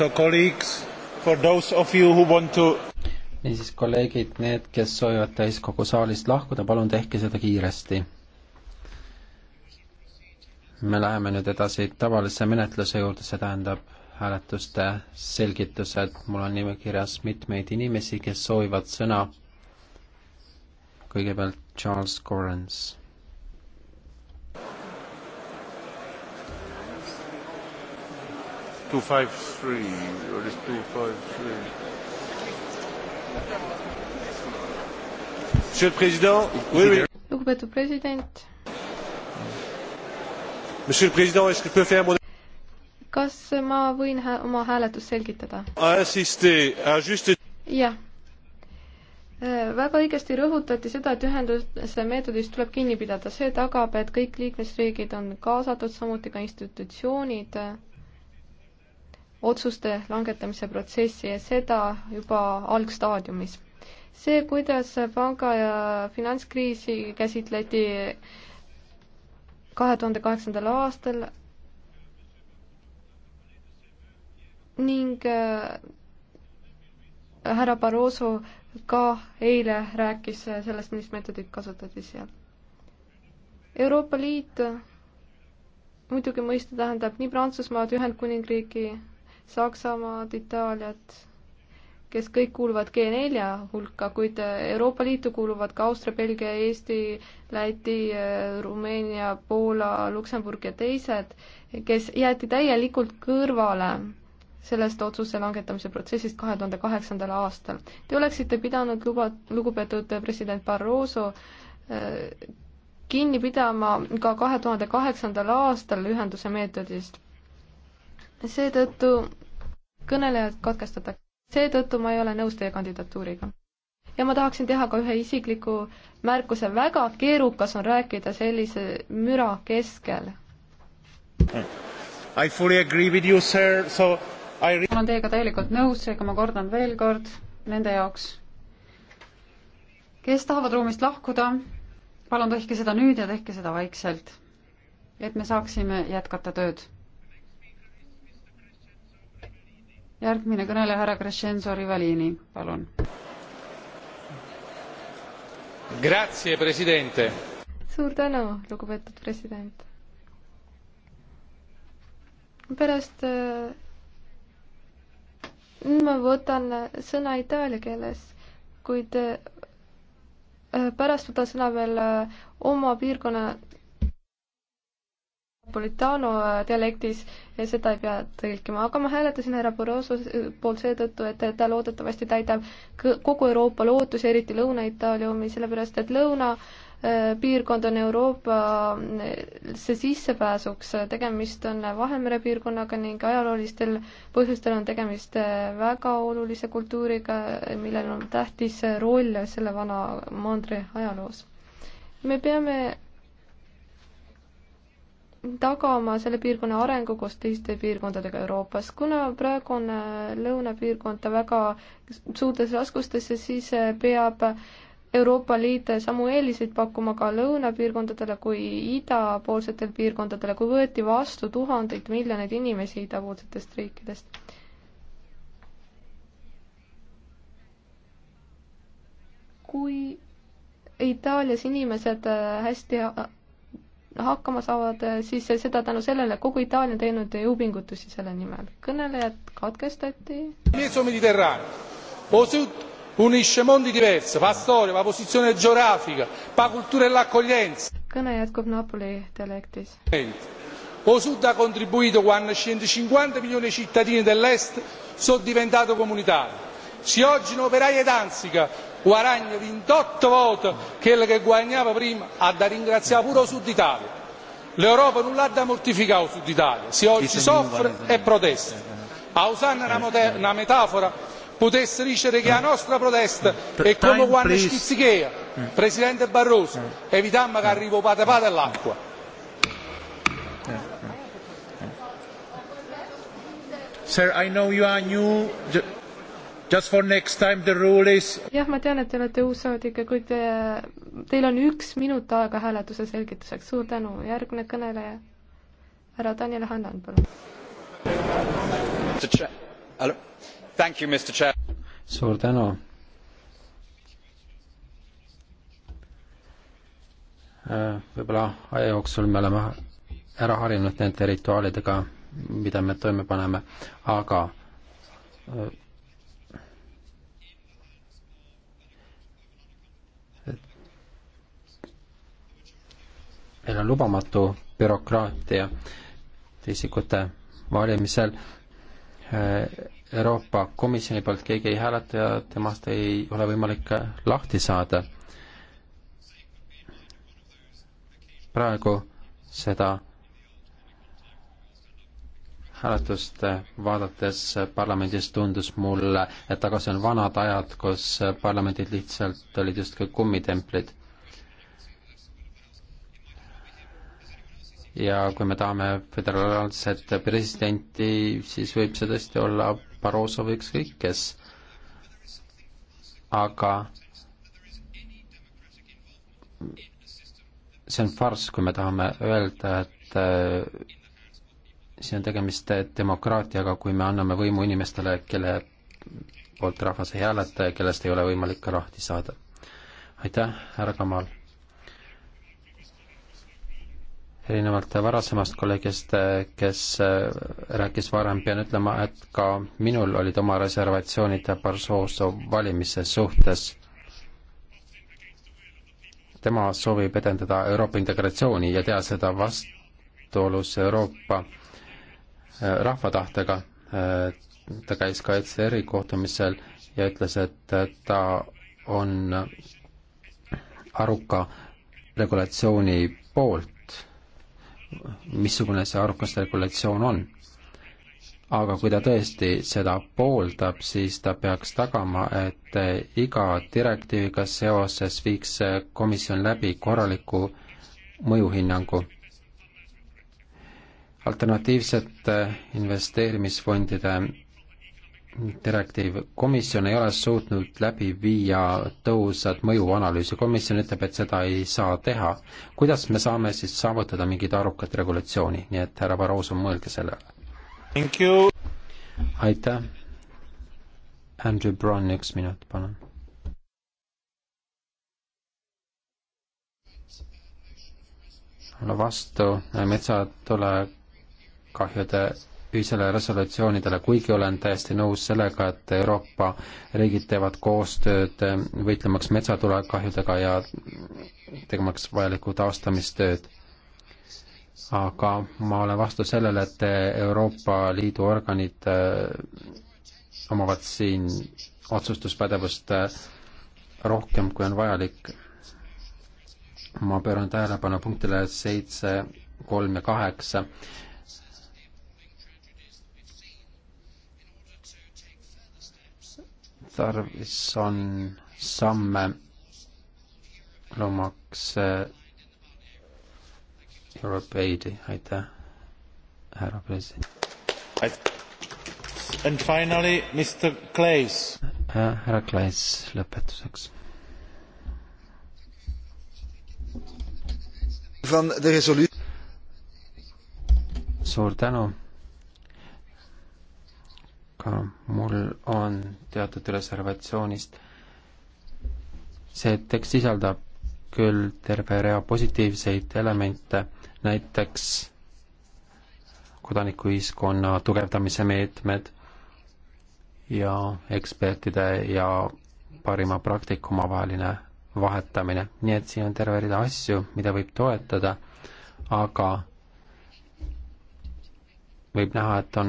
So colleagues, for those of you who want to niisiis, kolleegid, need, kes soovivad täiskogu saalist lahkuda, palun tehke seda kiiresti. me läheme nüüd edasi tavalise menetluse juurde, see tähendab hääletuste selgitused, mul on nimekirjas mitmeid inimesi, kes soovivad sõna. kõigepealt Charles Correns 253 or is 253? Monsieur le Président, oui, oui. Lugupeetud president. Monsieur le Président, est-ce que je peux faire mon... Kas ma võin hä oma hääletust selgitada? jah. Äh, väga õigesti rõhutati seda, et ühenduse meetodist tuleb kinni pidada, see tagab, et kõik liikmesriigid on kaasatud, samuti ka institutsioonid otsuste langetamise protsessi ja seda juba algstaadiumis. see, kuidas panga ja finantskriisi käsitleti kahe tuhande kaheksandal aastal ning äh, härra Barroso ka eile rääkis sellest, millist meetodit kasutati seal. Euroopa Liit muidugi mõista tähendab nii Prantsusmaad, Ühendkuningriigi Saksamaad, Itaaliat, kes kõik kuuluvad G4 hulka, kuid äh, Euroopa Liitu kuuluvad ka Austria, Belgia, Eesti, Läti, äh, Rumeenia, Poola, Luksemburg ja teised, kes jäeti täielikult kõrvale sellest otsuse langetamise protsessist kahe tuhande kaheksandal aastal. Te oleksite pidanud luba, lugupeetud president Barroso äh, kinni pidama ka kahe tuhande kaheksandal aastal ühenduse meetodist seetõttu kõnelejad katkestatakse. seetõttu ma ei ole nõus teie kandidatuuriga. ja ma tahaksin teha ka ühe isikliku märkuse, väga keerukas on rääkida sellise müra keskel. I fully agree with you, sir, so I ma olen teiega täielikult nõus, seega ma kordan veel kord nende jaoks, kes tahavad ruumist lahkuda, palun tehke seda nüüd ja tehke seda vaikselt, et me saaksime jätkata tööd järgmine kõneleja, härra Crescenzo Rivalini, palun. suur tänu, lugupeetud president. pärast nüüd äh, ma võtan sõna itaalia keeles, kuid äh, pärast võtan sõna veel äh, oma piirkonna Politano äh, dialektis ja seda ei pea tõlkima, aga ma hääletasin härra Barroso poolt seetõttu, et ta loodetavasti täidab kogu Euroopa lootusi, eriti Lõuna-Itaalia omi, sellepärast et lõuna äh, piirkond on Euroopasse äh, sissepääsuks, tegemist on Vahemere piirkonnaga ning ajaloolistel põhjustel on tegemist väga olulise kultuuriga, millel on tähtis roll selle vana mandri ajaloos. me peame tagama selle piirkonna arengu koos teiste piirkondadega Euroopas. kuna praegu on äh, lõunapiirkond väga suurtes raskustes, siis äh, peab Euroopa Liit samu eeliseid pakkuma ka lõunapiirkondadele kui idapoolsetele piirkondadele, kui võeti vastu tuhandeid miljoneid inimesi idapoolsetest riikidest. kui Itaalias inimesed äh, hästi hakkama saavad, eh, siis seda tänu sellele kogu Itaalia on teinud jõupingutusi selle nimel. kõnelejad katkestati. Unisce mondi diversi, fa storia, fa posizione geografica, fa cultura e l'accoglienza. Kõne jätkub Napoli dialektis. Osud ha contribuito quando 150 milioni di cittadini dell'est sono diventati comunitari. Se oggi un'operaia danzica guadagna 28 volte quello che guadagnava prima, ha da ringraziare pure il Sud Italia. L'Europa non l'ha da mortificare il Sud Italia, se oggi soffre e protesta. A usare eh, eh. una metafora, potesse dicere che la eh. nostra protesta è come quando schizzichea, mm. presidente Barroso, evitammo che arriva pate pate all'acqua. Sir, I know you are new jah, ma tean, et te olete uus saadik, kuid te, äh, teil on üks minut aega hääletuse selgituseks. suur tänu, järgmine kõneleja, härra Daniel Hannan, palun. suur tänu. Äh, võib-olla aja jooksul me oleme ära harjunud nende rituaalidega, mida me toime paneme, aga äh, meil on lubamatu bürokraatia isikute valimisel. Äh, Euroopa Komisjoni poolt keegi ei hääleta ja temast ei ole võimalik äh, lahti saada. praegu seda hääletust äh, vaadates parlamendis tundus mulle, et tagasi on vanad ajad, kus parlamendid lihtsalt olid justkui kummitemplid. ja kui me tahame föderaalset presidenti, siis võib see tõesti olla Barroso või ükskõik kes. aga see on farss, kui me tahame öelda, et äh, siin on tegemist demokraatiaga, kui me anname võimu inimestele, kelle poolt rahvas ei hääleta ja kellest ei ole võimalik ka lahti saada. aitäh, härra Kamal! erinevalt varasemast kolleegist, kes äh, rääkis varem, pean ütlema, et ka minul olid oma reservatsioonid Barroso valimise suhtes. tema soovib edendada Euroopa integratsiooni ja teha seda vastuolus Euroopa äh, rahva tahtega. Äh, ta käis ka ECR-i kohtumisel ja ütles, et ta on aruka regulatsiooni poolt missugune see arukas regulatsioon on. aga kui ta tõesti seda pooldab, siis ta peaks tagama, et iga direktiiviga seoses viiks komisjon läbi korraliku mõjuhinnangu. alternatiivsete investeerimisfondide direktiiv, komisjon ei ole suutnud läbi viia tõhusat mõjuanalüüsi, komisjon ütleb, et seda ei saa teha. kuidas me saame siis saavutada mingit arukat regulatsiooni, nii et härra Barroso, mõelge sellele. aitäh. Andrew Brown, üks minut, palun. olla vastu metsatulekahjude ühisele resolutsioonidele, kuigi olen täiesti nõus sellega, et Euroopa riigid teevad koostööd äh, võitlemaks metsatulekahjudega ja tegemaks vajalikku taastamistööd. aga ma olen vastu sellele, et Euroopa Liidu organid äh, omavad siin otsustuspädevust äh, rohkem, kui on vajalik. ma pööran tähelepanu punktile seitse, kolm ja kaheksa tarvis on samme loomaks Euroopa Aidi, aitäh, härra president. And finally, Mr Claes. Äh, härra Claes lõpetuseks. suur tänu ka mul on teatud reservatsioonist. see tekst sisaldab küll terve rea positiivseid elemente, näiteks kodanikuühiskonna tugevdamise meetmed ja ekspertide ja parima praktika omavaheline vahetamine, nii et siin on terve rida asju, mida võib toetada, aga võib näha, et on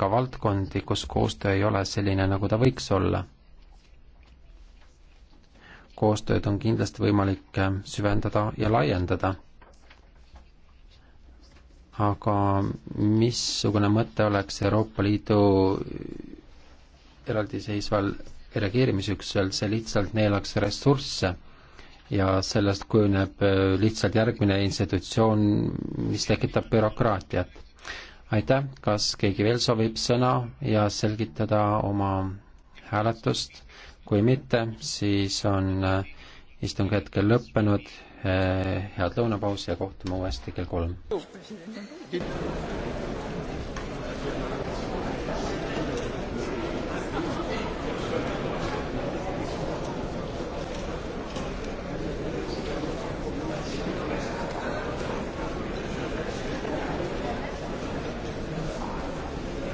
ka valdkondi, kus koostöö ei ole selline, nagu ta võiks olla. koostööd on kindlasti võimalik eh, süvendada ja laiendada. aga missugune mõte oleks Euroopa Liidu eraldiseisval reageerimisüksusel, see lihtsalt neelaks ressursse ja sellest kujuneb eh, lihtsalt järgmine institutsioon, mis tekitab bürokraatiat aitäh, kas keegi veel soovib sõna ja selgitada oma hääletust? kui mitte, siis on äh, istung hetkel lõppenud, äh, head lõunapausi ja kohtume uuesti kell kolm.